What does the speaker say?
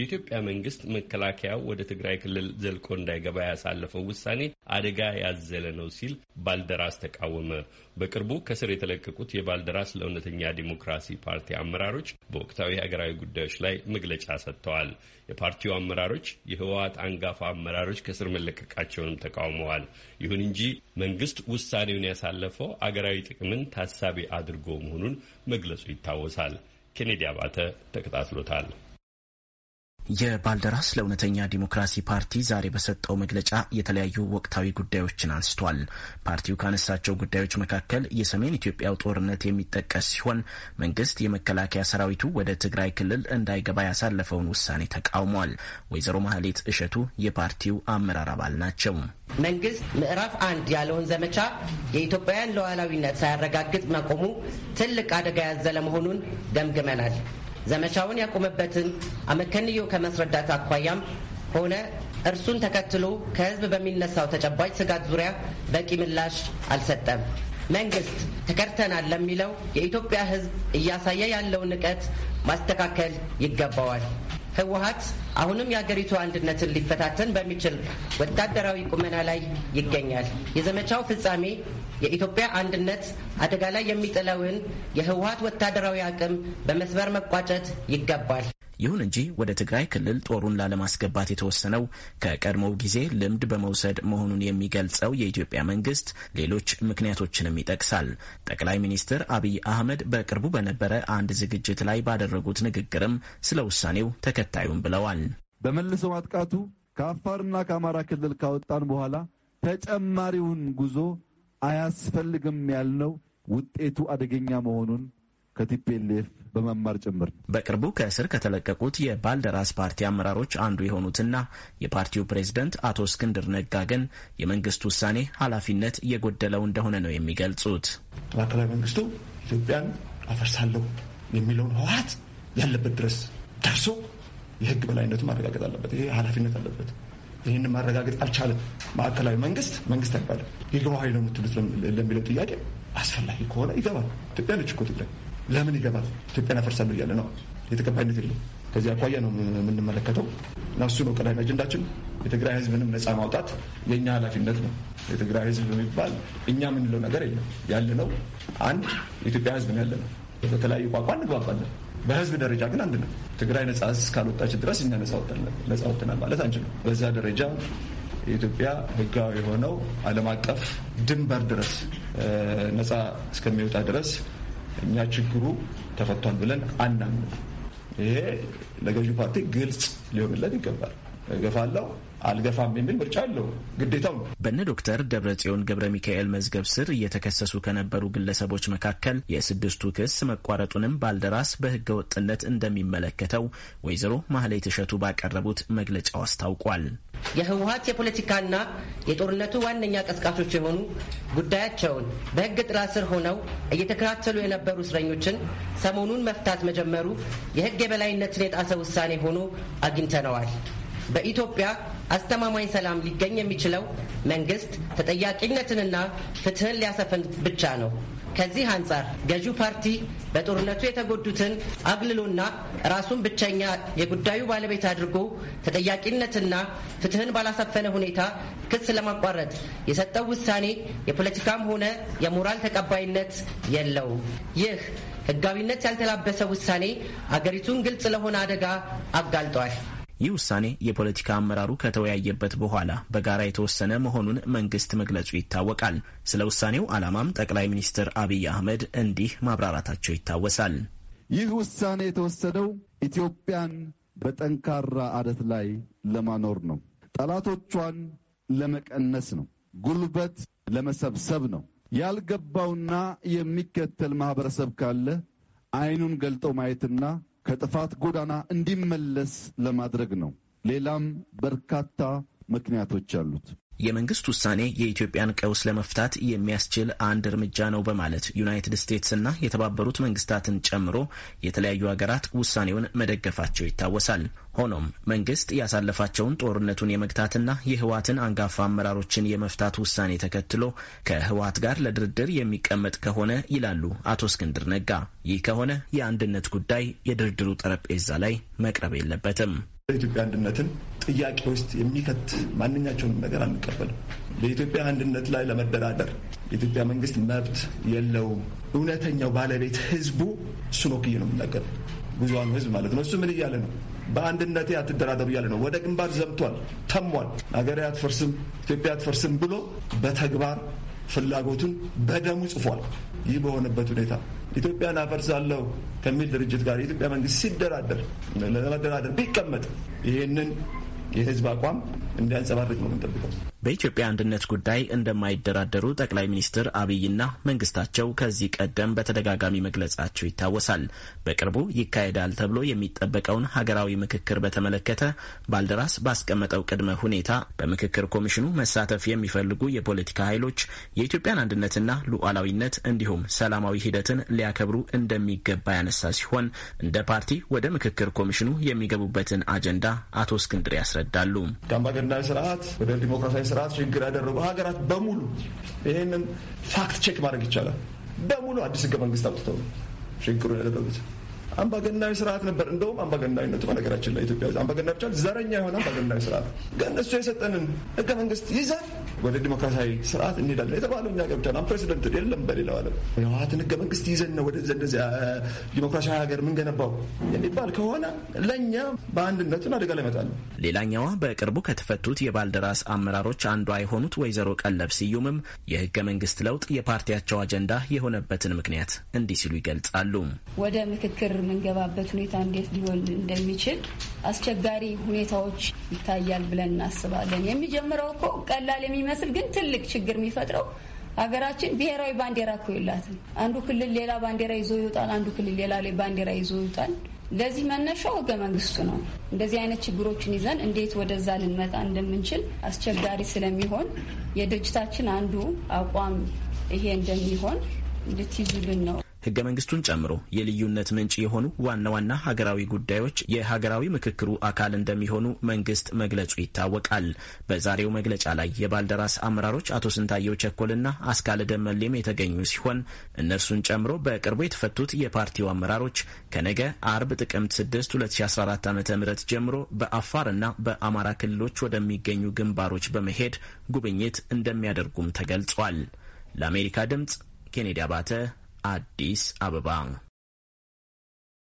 የኢትዮጵያ መንግስት መከላከያው ወደ ትግራይ ክልል ዘልቆ እንዳይገባ ያሳለፈው ውሳኔ አደጋ ያዘለ ነው ሲል ባልደራስ ተቃወመ። በቅርቡ ከስር የተለቀቁት የባልደራስ ለእውነተኛ ዲሞክራሲ ፓርቲ አመራሮች በወቅታዊ ሀገራዊ ጉዳዮች ላይ መግለጫ ሰጥተዋል። የፓርቲው አመራሮች የህወሓት አንጋፋ አመራሮች ከስር መለቀቃቸውንም ተቃውመዋል። ይሁን እንጂ መንግስት ውሳኔውን ያሳለፈው አገራዊ ጥቅምን ታሳቢ አድርጎ መሆኑን መግለጹ ይታወሳል። ኬኔዲ አባተ ተከታትሎታል። የባልደራስ ለእውነተኛ ዲሞክራሲ ፓርቲ ዛሬ በሰጠው መግለጫ የተለያዩ ወቅታዊ ጉዳዮችን አንስቷል። ፓርቲው ካነሳቸው ጉዳዮች መካከል የሰሜን ኢትዮጵያው ጦርነት የሚጠቀስ ሲሆን መንግስት የመከላከያ ሰራዊቱ ወደ ትግራይ ክልል እንዳይገባ ያሳለፈውን ውሳኔ ተቃውሟል። ወይዘሮ ማህሌት እሸቱ የፓርቲው አመራር አባል ናቸው። መንግስት ምዕራፍ አንድ ያለውን ዘመቻ የኢትዮጵያውያን ሉዓላዊነት ሳያረጋግጥ መቆሙ ትልቅ አደጋ ያዘለ መሆኑን ገምግመናል። ዘመቻውን ያቆመበትን አመከንዮ ከማስረዳት አኳያም ሆነ እርሱን ተከትሎ ከህዝብ በሚነሳው ተጨባጭ ስጋት ዙሪያ በቂ ምላሽ አልሰጠም። መንግስት ተከድተናል ለሚለው የኢትዮጵያ ህዝብ እያሳየ ያለውን ንቀት ማስተካከል ይገባዋል። ህወሀት አሁንም የሀገሪቱ አንድነትን ሊፈታተን በሚችል ወታደራዊ ቁመና ላይ ይገኛል። የዘመቻው ፍጻሜ የኢትዮጵያ አንድነት አደጋ ላይ የሚጥለውን የህወሀት ወታደራዊ አቅም በመስበር መቋጨት ይገባል። ይሁን እንጂ ወደ ትግራይ ክልል ጦሩን ላለማስገባት የተወሰነው ከቀድሞው ጊዜ ልምድ በመውሰድ መሆኑን የሚገልጸው የኢትዮጵያ መንግስት ሌሎች ምክንያቶችንም ይጠቅሳል። ጠቅላይ ሚኒስትር አብይ አህመድ በቅርቡ በነበረ አንድ ዝግጅት ላይ ባደረጉት ንግግርም ስለ ውሳኔው ተከታዩም ብለዋል። በመልሶ ማጥቃቱ ከአፋርና ከአማራ ክልል ካወጣን በኋላ ተጨማሪውን ጉዞ አያስፈልግም ያልነው ውጤቱ አደገኛ መሆኑን ከቲፒኤልኤፍ በመማር ጭምር። በቅርቡ ከእስር ከተለቀቁት የባልደራስ ፓርቲ አመራሮች አንዱ የሆኑትና የፓርቲው ፕሬዝደንት አቶ እስክንድር ነጋ ግን የመንግስት ውሳኔ ኃላፊነት የጎደለው እንደሆነ ነው የሚገልጹት። ማዕከላዊ መንግስቱ ኢትዮጵያን አፈርሳለሁ የሚለውን ህወሀት ያለበት ድረስ ደርሶ የህግ በላይነቱ ማረጋገጥ አለበት። ይሄ ኃላፊነት አለበት። ይህን ማረጋገጥ አልቻለም። ማዕከላዊ መንግስት መንግስት አይባልም። የግባ ነው የምትሉት ለሚለው ጥያቄ አስፈላጊ ከሆነ ይገባል። ኢትዮጵያ ነች እኮ ትግራይ ለምን ይገባል? ኢትዮጵያን አፈርሳለሁ እያለ ነው። የተቀባይነት የለውም። ከዚህ አኳያ ነው የምንመለከተው እና እሱ ነው ቀዳሚ አጀንዳችን። የትግራይ ህዝብንም ነፃ ማውጣት የእኛ ኃላፊነት ነው። የትግራይ ህዝብ የሚባል እኛ የምንለው ነገር የለም። ያለ ነው አንድ የኢትዮጵያ ህዝብ ነው ያለ ነው። በተለያዩ ቋንቋ እንግባባለን። በህዝብ ደረጃ ግን አንድ ነው። ትግራይ ነፃ እስካልወጣች ድረስ እኛ ነፃ ወጥናል ማለት አንችልም። በዛ ደረጃ የኢትዮጵያ ህጋዊ የሆነው ዓለም አቀፍ ድንበር ድረስ ነፃ እስከሚወጣ ድረስ እኛ ችግሩ ተፈቷል ብለን አናምንም። ይሄ ለገዢው ፓርቲ ግልጽ ሊሆንለት ይገባል። እገፋለሁ አልገፋም የሚል ምርጫ አለው፣ ግዴታው ነው። በእነ ዶክተር ደብረጽዮን ገብረ ሚካኤል መዝገብ ስር እየተከሰሱ ከነበሩ ግለሰቦች መካከል የስድስቱ ክስ መቋረጡንም ባልደራስ በህገ ወጥነት እንደሚመለከተው ወይዘሮ ማህሌት ትሸቱ ባቀረቡት መግለጫው አስታውቋል። የህወሀት የፖለቲካና የጦርነቱ ዋነኛ ቀስቃሾች የሆኑ ጉዳያቸውን በህግ ጥላ ስር ሆነው እየተከታተሉ የነበሩ እስረኞችን ሰሞኑን መፍታት መጀመሩ የህግ የበላይነትን የጣሰ ውሳኔ ሆኖ አግኝተነዋል። በኢትዮጵያ አስተማማኝ ሰላም ሊገኝ የሚችለው መንግስት ተጠያቂነትንና ፍትህን ሊያሰፍን ብቻ ነው። ከዚህ አንጻር ገዢው ፓርቲ በጦርነቱ የተጎዱትን አግልሎና ራሱን ብቸኛ የጉዳዩ ባለቤት አድርጎ ተጠያቂነትና ፍትህን ባላሰፈነ ሁኔታ ክስ ለማቋረጥ የሰጠው ውሳኔ የፖለቲካም ሆነ የሞራል ተቀባይነት የለውም። ይህ ህጋዊነት ያልተላበሰ ውሳኔ አገሪቱን ግልጽ ለሆነ አደጋ አጋልጧል። ይህ ውሳኔ የፖለቲካ አመራሩ ከተወያየበት በኋላ በጋራ የተወሰነ መሆኑን መንግስት መግለጹ ይታወቃል። ስለ ውሳኔው ዓላማም ጠቅላይ ሚኒስትር አብይ አህመድ እንዲህ ማብራራታቸው ይታወሳል። ይህ ውሳኔ የተወሰደው ኢትዮጵያን በጠንካራ አደት ላይ ለማኖር ነው። ጠላቶቿን ለመቀነስ ነው። ጉልበት ለመሰብሰብ ነው። ያልገባውና የሚከተል ማህበረሰብ ካለ አይኑን ገልጦ ማየትና ከጥፋት ጎዳና እንዲመለስ ለማድረግ ነው። ሌላም በርካታ ምክንያቶች አሉት። የመንግስት ውሳኔ የኢትዮጵያን ቀውስ ለመፍታት የሚያስችል አንድ እርምጃ ነው በማለት ዩናይትድ እና የተባበሩት መንግስታትን ጨምሮ የተለያዩ ሀገራት ውሳኔውን መደገፋቸው ይታወሳል። ሆኖም መንግስት ያሳለፋቸውን ጦርነቱን የመግታትና የህወሓትን አንጋፋ አመራሮችን የመፍታት ውሳኔ ተከትሎ ከህወሓት ጋር ለድርድር የሚቀመጥ ከሆነ ይላሉ አቶ እስክንድር ነጋ፣ ይህ ከሆነ የአንድነት ጉዳይ የድርድሩ ጠረጴዛ ላይ መቅረብ የለበትም። ለኢትዮጵያ አንድነትን ጥያቄ ውስጥ የሚከት ማንኛቸውንም ነገር አንቀበልም። በኢትዮጵያ አንድነት ላይ ለመደራደር የኢትዮጵያ መንግስት መብት የለውም። እውነተኛው ባለቤት ህዝቡ እሱ ነው ክዬ ብዙሀኑ ህዝብ ማለት ነው። እሱ ምን እያለ ነው? በአንድነቴ አትደራደሩ እያለ ነው። ወደ ግንባር ዘምቷል፣ ተሟል። ሀገሬ አትፈርስም፣ ኢትዮጵያ አትፈርስም ብሎ በተግባር ፍላጎቱን በደሙ ጽፏል። ይህ በሆነበት ሁኔታ ኢትዮጵያን አፈርሳለሁ ከሚል ድርጅት ጋር የኢትዮጵያ መንግስት ሲደራደር ለመደራደር ቢቀመጥ ይህንን የህዝብ አቋም እንዲያንጸባርቅ ነው የምንጠብቀው። በኢትዮጵያ አንድነት ጉዳይ እንደማይደራደሩ ጠቅላይ ሚኒስትር አብይና መንግስታቸው ከዚህ ቀደም በተደጋጋሚ መግለጻቸው ይታወሳል። በቅርቡ ይካሄዳል ተብሎ የሚጠበቀውን ሀገራዊ ምክክር በተመለከተ ባልደራስ ባስቀመጠው ቅድመ ሁኔታ በምክክር ኮሚሽኑ መሳተፍ የሚፈልጉ የፖለቲካ ኃይሎች የኢትዮጵያን አንድነትና ሉዓላዊነት እንዲሁም ሰላማዊ ሂደትን ሊያከብሩ እንደሚገባ ያነሳ ሲሆን እንደ ፓርቲ ወደ ምክክር ኮሚሽኑ የሚገቡበትን አጀንዳ አቶ እስክንድር ያስረዳሉ። ከአምባገነናዊ ስርዓት ወደ ዲሞክራሲያዊ ስርዓት ሽግግር ያደረጉ ሀገራት በሙሉ ይህንን ፋክት ቼክ ማድረግ ይቻላል። በሙሉ አዲስ ህገ መንግስት አውጥተው ነው ሽግግሩን ያደረጉት። አምባገናዊ ስርዓት ነበር። እንደውም አምባገናዊነቱ በነገራችን ላይ ኢትዮጵያ አምባገናዊ ብቻ ዘረኛ የሆነ አምባገናዊ ስርዓት ግን እሱ የሰጠንን ህገ መንግስት ይዘን ወደ ዲሞክራሲያዊ ስርዓት እንሄዳለን የተባለው እኛ አሁን ፕሬዚደንት የለም በሌላው ዓለም የህወሓትን ህገ መንግስት ይዘን ነው ወደ እንደዚያ ዲሞክራሲያዊ ሀገር ምንገነባው የሚባል ከሆነ ለእኛ በአንድነቱን አደጋ ላይ ይመጣል። ሌላኛዋ በቅርቡ ከተፈቱት የባልደራስ አመራሮች አንዷ የሆኑት ወይዘሮ ቀለብ ስዩምም የህገ መንግስት ለውጥ የፓርቲያቸው አጀንዳ የሆነበትን ምክንያት እንዲህ ሲሉ ይገልጻሉ። ወደ ምክክር የምንገባበት ሁኔታ እንዴት ሊሆን እንደሚችል አስቸጋሪ ሁኔታዎች ይታያል ብለን እናስባለን። የሚጀምረው እኮ ቀላል የሚመ የሚመስል ግን ትልቅ ችግር የሚፈጥረው ሀገራችን ብሔራዊ ባንዲራ እኮ የላትም። አንዱ ክልል ሌላ ባንዲራ ይዞ ይወጣል፣ አንዱ ክልል ሌላ ላይ ባንዲራ ይዞ ይወጣል። ለዚህ መነሻው ህገ መንግስቱ ነው። እንደዚህ አይነት ችግሮችን ይዘን እንዴት ወደዛ ልንመጣ እንደምንችል አስቸጋሪ ስለሚሆን የድርጅታችን አንዱ አቋም ይሄ እንደሚሆን ልትይዙልን ነው። ህገ መንግስቱን ጨምሮ የልዩነት ምንጭ የሆኑ ዋና ዋና ሀገራዊ ጉዳዮች የሀገራዊ ምክክሩ አካል እንደሚሆኑ መንግስት መግለጹ ይታወቃል። በዛሬው መግለጫ ላይ የባልደራስ አመራሮች አቶ ስንታየው ቸኮልና አስካለ ደመሌም የተገኙ ሲሆን እነርሱን ጨምሮ በቅርቡ የተፈቱት የፓርቲው አመራሮች ከነገ አርብ ጥቅምት 6 2014 ዓ ም ጀምሮ በአፋርና በአማራ ክልሎች ወደሚገኙ ግንባሮች በመሄድ ጉብኝት እንደሚያደርጉም ተገልጿል። ለአሜሪካ ድምፅ ኬኔዲ አባተ አዲስ አበባ